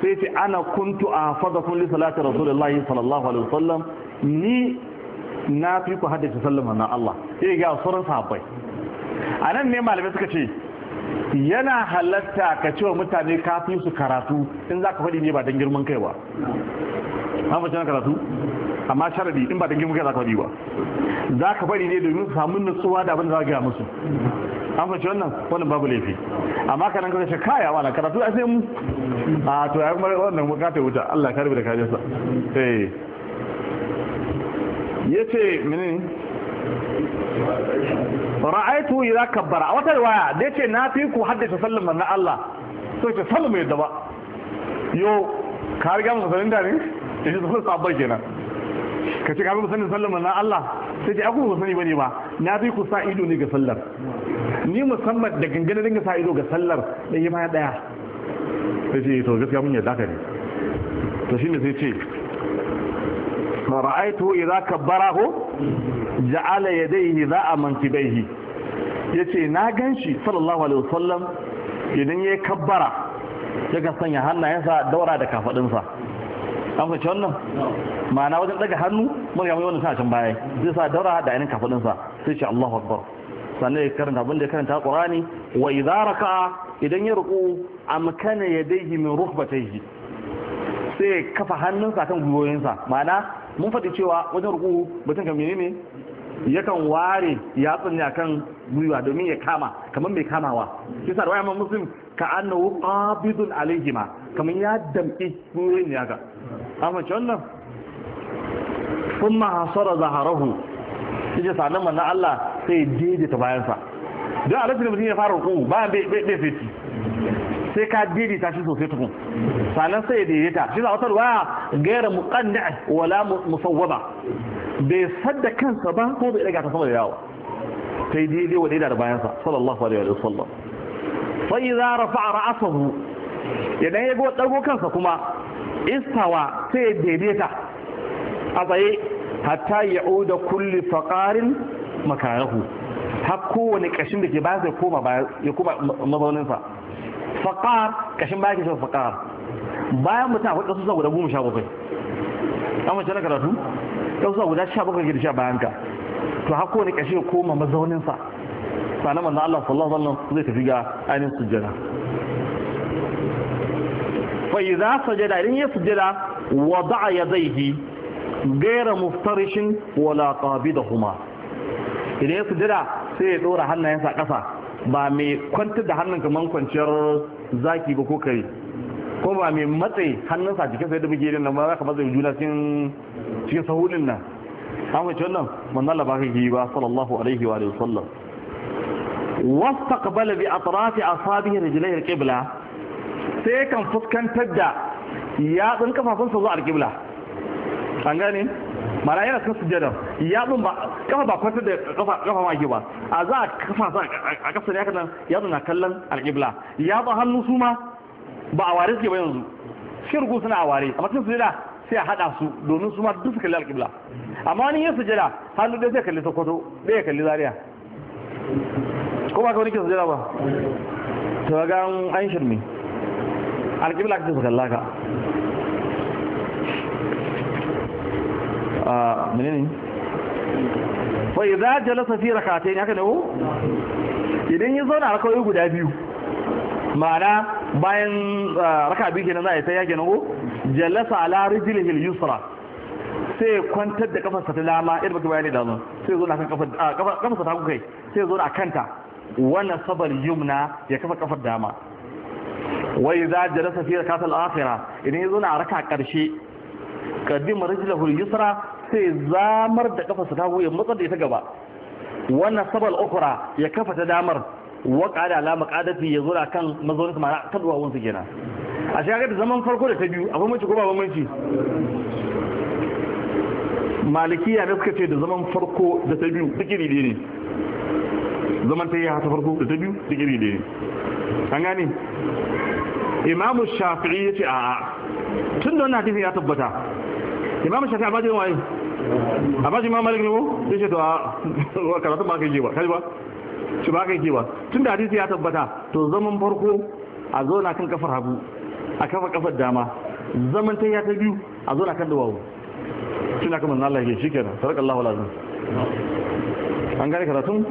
sai ce ana kuntu a fadakun li salati rasulullahi sallallahu alaihi wasallam ni na fi ku haddace sallama na Allah sai ga sauran sahabbai a nan ne malamai suka ce yana halatta ka ce wa mutane kafin su karatu in za ka faɗi ne ba don girman kai ba an fashe na karatu amma sharadi in ba dangin muka za ka bari ba za ka bari ne domin su samu nutsuwa da abin da za ka gaya musu an fashe wannan wannan babu laifi amma kanan ka ce kaya na karatu a sai mu a to ya mara wannan bukata wuta Allah ka rubuta da kajinsa eh ce mini ra'aitu idza kabbara a wata riwaya da yace na fi ku haddace sallan manzon Allah so ce sallan mai daba yo ka riga musu sanin da ne yace sallan sabbai kenan ka ce kafin sanin sallar manzan Allah sai ce akwai ba sani bane ba na bi ku sa ido ne ga sallar ni musamman da gangana dinga sa ido ga sallar da yi maya daya sai ce to gaskiya mun yadda ka ne to shine sai ce fara'aitu idza kabbarahu ja'ala yadayhi za'a mankibaihi yace na ganshi sallallahu alaihi wasallam idan ya kabbara ga sanya hannayensa daura da kafadinsa an kwanci wannan ma'ana wajen daga hannu mun ga wannan suna can baya zai sa daura da ainihin kafadin sa sai ce Allahu akbar sannan ya karanta abin da ya karanta Qur'ani wa idza idan ya ruku amkana yadayhi min rukbatayhi sai kafa hannunsa kan gwiwoyinsa ma'ana mun faɗi cewa wajen ruku mutum kan menene yakan ware ya ne kan gwiwa domin ya kama kamar mai kamawa shi sa wayan muslim ka annahu qabidun alayhima kamar ya damƙi gwiwoyin ya haka amince wannan kuma hasara zaharahu sai ya sanan manzon Allah sai daidaita bayansa don a lokacin mutum ya fara rukun bayan bai feti sai ka daidaita shi sosai tukun sannan sai ya daidaita shi za wata ruwaya gaira muqanni' wala musawwaba bai sadda kansa ba ko bai daga ta sama da yawa sai daidai wa daidai da bayansa sallallahu alaihi wa sallam fa idza rafa'a ra'sahu idan ya ɗago kansa kuma istawa sai daidaita a tsaye hatta ya da kulli faƙarin makarahu har kowane ƙashin da ke ba zai koma ya kuma mazauninsa faƙar ƙashin ba ke shi faƙar bayan mutum akwai ƙasusa guda goma sha bakwai an mace na karatu ƙasusa guda sha bakwai ke da sha bayan ka to har kowane ƙashin ya koma mazauninsa sanan manzo Allah sallallahu alaihi wasallam zai tafi ga ainihin sujjana fa su sajada idan ya sujada zai yadayhi gaira muftarishin wala da kuma idan ya sujada sai ya tsora hannayensa a ƙasa ba mai kwantar da hannun kamar kwanciyar zaki ba ko kai, ko ba mai matsayi hannunsa jikin sai da muke nan ba za ka matsayi juna cikin sahunin nan an wuce wannan manzon Allah ba yi ba sallallahu alaihi wa sallam wastaqbala bi atrafi asabihi rijlaihi ƙibla. sai kan fuskantar da yatsun kafafunsa zuwa alƙibla an gane mara yana kan sujada yatsun ba kafa ba kwantar da kafa kafa ma ba a za a kafa sa a kafa ne haka nan yatsun na kallon alƙibla yatsun hannu su ma ba a ware suke ba yanzu rukun suna a ware amma cikin sujada sai a haɗa su domin su ma duk su kalli alƙibla amma wani yin sujada hannu ɗaya sai kalli sokoto ɗaya kalli zaria ko ba ka wani ke sujada ba to ga an shirme alƙibla ka ce su kalla ka a ah, menene fa idza jalasa fi rak'atayn haka ne ko idan ya zauna rak'o'i guda biyu ma'ana bayan ah, raka biyu ke kenan za a yi ta yage nago jalasa ala hil yusra sai kwantar da kafarsa ta lama irin baki bayani da zo sai zo na kan kafar ah, kafarsa ta kai sai zo na kanta wannan sabar yumna ya kafa kafar dama wa idza jalasa fi rakat al-akhirah idan zo na raka karshe qaddima rijlahu al-yusra sai zamar da kafarsa ta goye matsar da ita gaba wannan sabal ukura ya kafa ta damar wa alama la maqadati yazo zura kan mazaunin ma'ana ta duwawun su kenan a shi da zaman farko da ta biyu akwai mace ko ba bambanci malikiya da suka ce da zaman farko da ta biyu duk iri ne zaman ta yi ta farko da ta biyu duk iri ne an gane imam shafi'i ya ce a'a tun da wannan hadisi ya tabbata imam shafi'i abajin waye abajin ma malik ne ko ya ce to a [laughs] karatu ba ka yi ba kai ba shi ba ka yi ba tun da hadisi ya tabbata to zaman farko a zo na kan kafar hagu a kafa kafar dama zaman ta ya ta biyu a zo na kan duwawu tun aka manna Allah ya shi kenan sarakallahu lazim an gane karatun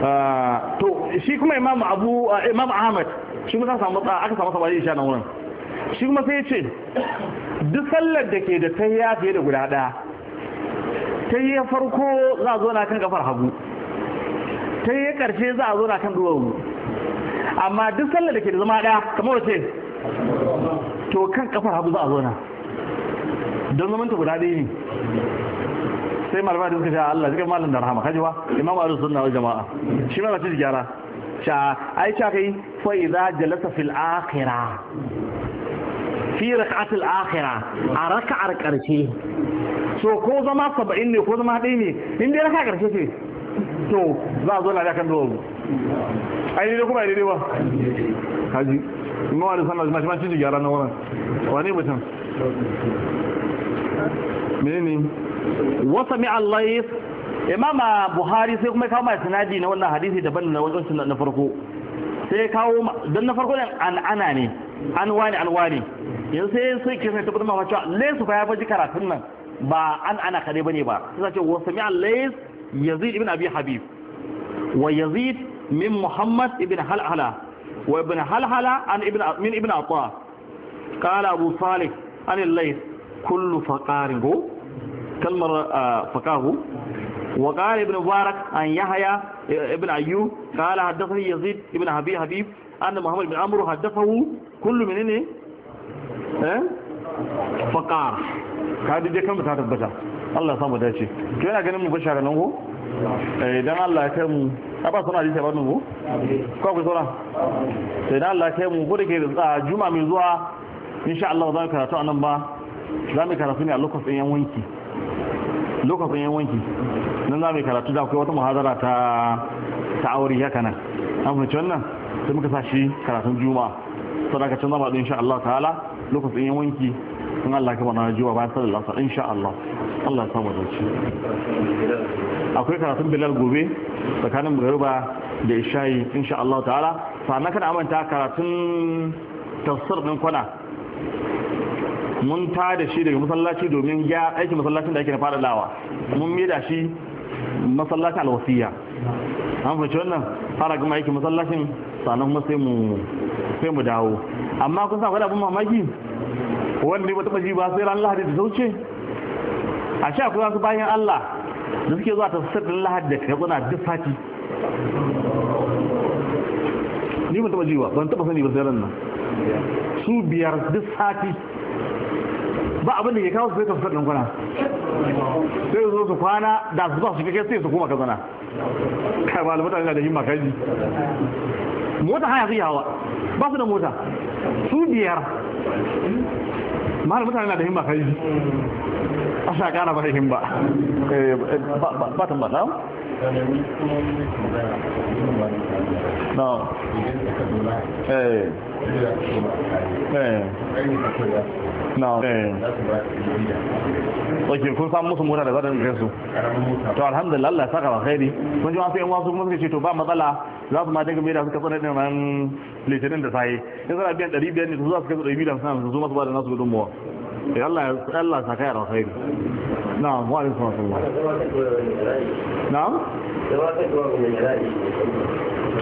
Ah, to shi kuma imam abu ah, imam ahmad shi kuma samu aka samu sabari isha nan wurin shi kuma sai ya ce duk sallar da ke da tayya fiye da guda daya tayya farko za a zo na kan kafar hagu tayya karshe za a zo na kan duwawu amma duk sallar da ke da zama daya kamar wace to kan kafar hagu za a zo na don ta guda ɗaya ne sai malamai suka ce ah, Allah cikin malam da rahama kaji wa? imamu ahlus sunna wal jamaa shi ma bace gyara sha ai cha kai fa idza jalasa fil akhirah fi rak'at al akhirah a rak'ar karshe so ko zama 70 ne ko zama 1 ne in dai rak'a karshe ce to za a zo na da kan dole ai ne kuma ne ba kaji imamu ahlus sunna ma shi ma gyara na wannan wani mutum menene wasa mi allais imama buhari sai kuma kawo mai sanadi na wannan hadisi daban na wajen na farko sai kawo don na farko ɗin an ana ne an wani an wani yanzu sai sai ke sai tabbatar ma cewa laisu fa ya faji karatun nan ba an ana kare bane ba sai ce wa sami allais yazid ibn abi habib wa yazid min muhammad ibn halhala wa ibn halhala an ibn min ibn atwa qala abu salih an allais kullu faqarin go kalmar fakahu وقال ابن مبارك عن يحيى ابن أيوب قال حدثني يزيد ابن حبيب حبيب أن محمد بن عمرو حدثه كل من إني فقار هذه دي كم تتبتا الله ganin mu كيف nan مبشر نوه eh, idan Allah ya kai mu a ba suna hadisi ba mu ko ku sura sai dan Allah ya kai mu gode ke da juma mai zuwa insha Allah za mu karatu anan ba za mu karatu ne a lokacin yan wanki lokacin yan wanki nan za mu yi karatu da akwai wata muhazara ta ta aure haka nan an fahimci wannan sai muka sa shi karatun juma'a sadaka can zama din insha Allah ta'ala lokacin yan wanki in Allah ka bana juwa bayan sallar in insha Allah Allah ya samu dace akwai karatun bilal gobe tsakanin garuba da ishayi insha Allah ta'ala sannan kana amanta karatun tafsir din kwana mun ta da shi daga masallaci domin ya aiki masallacin da ake na lawa mun mida shi masallacin alwasiya an fahimci wannan fara gama aiki masallacin sannan kuma sai mu dawo amma kun sa abin mamaki wanda ba taba ji ba sai ran lahadi da sauce a sha akwai su bayan Allah da suke zuwa tafsirin lahadi da kuna duk sati ni ban taba ji ba ban taba sani ba sai ran nan su biyar duk sati ba abin da ke kawo su sai tafsir ɗin kuna sai su zo su kwana da su ba su kake sai su koma zana kai ba albuta da himma kai mota haya zai yawa ba su da mota su biyar ma mutane na da himma kai a sha kara ba himma eh, ba ta ba ta Eh. Eh. na eh. ok kun samu musu mota da zaɗin gaisu to alhamdulillah Allah ya saka ba khairi kun ji wasu yan wasu kuma suka ce to ba matsala za su ma daga mai da suka da nan litinin da saye in suna biyan ɗari biyar ne su za su kai ɗari biyu da hamsin su masu ba da nasu gudunmuwa eh, ya Allah ya saka na wa alaikum assalam na'am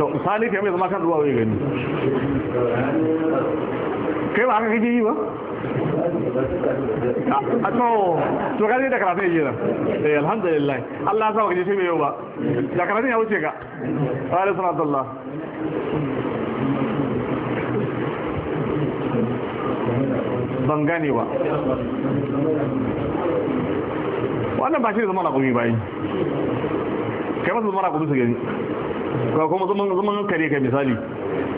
to sani kai mai zama kan ruwa wai gani kai ba haka kake yi ba a to to ka da karatun yake nan eh alhamdulillah Allah sa baka je sai yau ba da karatun ya wuce ka wa alaikum salam ban gane ba wannan ba shi ne zama na raƙumi bayi kai masu zama raƙumi su gani kuma zama kare ka misali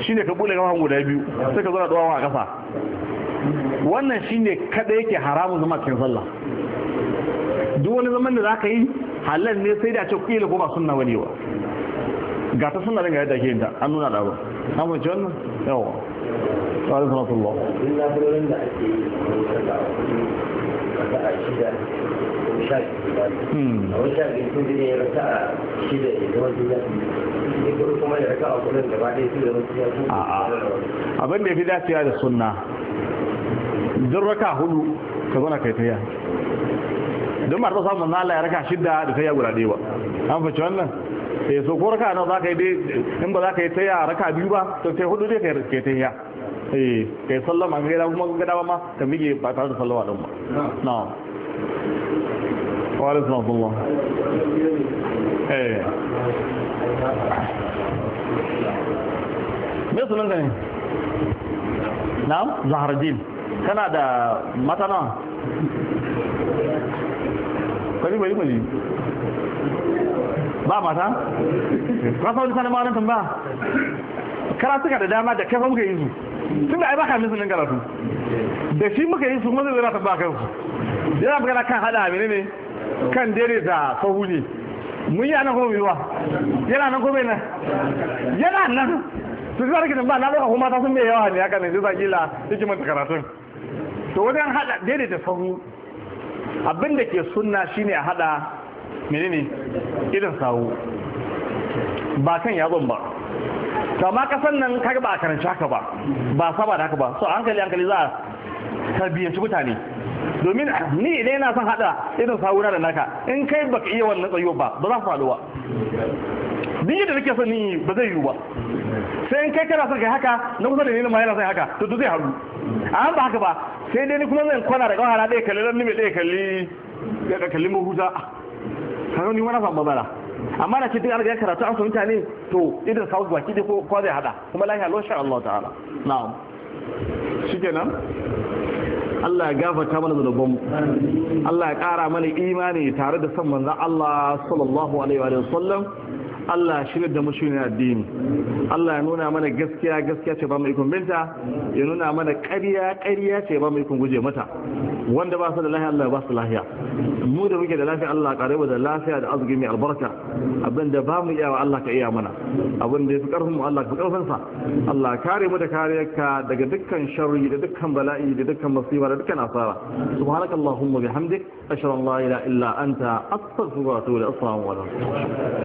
shi ne ka bule gama guda biyu sai ka zo da duwawa a kasa. wannan shine kada yake haramun zama cikin sallah duk wani zaman da zaka yi halal ne sai da ce kila ko ba sunna bane ba ga ta sunna ga yadda ke yin ta an nuna da ba an ji wannan yawa sallallahu alaihi wasallam illa bulorin da ake yi da a shida sha biyu hmm. a a shida ne kuma abin da ya fi dacewa da sunna idan raka hudu ka zo na kai tayya don ba ta samu na Allah ya raka shida da tayya guda ɗaya ba an fice wannan eh so ko raka za ka yi dai in ba za ka yi tayya raka biyu ba to sai hudu dai kai kai tayya eh kai sallama an gaida kuma gaida ba ma ka mige ba tare da sallama din ba na wa alaikum assalam eh me sunan ka ne na'am zahardin kana da matana kwari kwari kwari ba mata? rasa wani sanar mawarin kara suka da dama da kafa muka yi su tun da ai baka min sunan karatu da shi muka yi su mazan zira ta ba kansu yana bukana kan hada amini ne kan dere da sahu ne mun yi anan kuma yana nan kuma yana yana nan to zuwa rikitin ba na lokacin mata sun mai yawa ne haka ne zai kila hikimar karatun to wajen hada daidaita sahu abin da ke sunna shine a hada menene irin sahu ba kan yatsun ba kama kasan nan kaga ba a karanci haka ba ba saba da haka ba so hankali hankali za a tarbiyyanci mutane domin ni idan yana son hada irin sahu na da naka in kai baka iya wannan tsayo ba ba za ka faɗo duk yadda nake son ni ba zai yiwu ba sai in kai kana son kai haka na kusa da ni ma yana son haka to duk zai haru a ba haka ba sai dai ni kuma zan kwana da kawara ɗaya kalli dan nime ɗaya kalli da kalli mahuta kaga ni wani samu matsala amma na ce duk an ga karatu an fahimta ne to idan south baki dai ko zai hada kuma lahi lo sha Allah ta'ala na'am shikenan Allah ya gafarta mana zunubanmu Allah ya ƙara mana imani tare da san manzon Allah sallallahu alaihi wa sallam Allah shirya da mushi na addini Allah ya nuna mana gaskiya gaskiya ce ba mu ikon binta ya nuna mana ƙarya ƙarya ce ba mu ikon guje mata wanda ba su da lafiya Allah ba su lafiya mu da muke da lafiya Allah karewa da lafiya da arziki mai albarka abinda ba mu iyawa Allah ka iya mana abinda ya fi karfin mu Allah ka fi karfin sa Allah kare mu da kariyarka daga dukkan sharri da dukkan bala'i da dukkan masifa da dukkan asara subhanakallahumma bihamdik ashhadu an la ilaha illa anta astaghfiruka wa atubu ilaik assalamu alaikum